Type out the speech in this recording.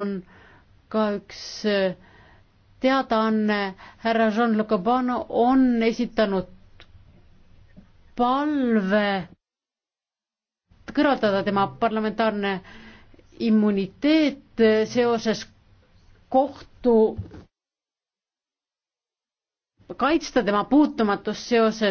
on ka üks äh, teadaanne, härra Jean Le Cabano on esitanud palve kõrvaldada tema parlamentaarne immuniteet äh, seoses kohtu, kaitsta tema puutumatust seoses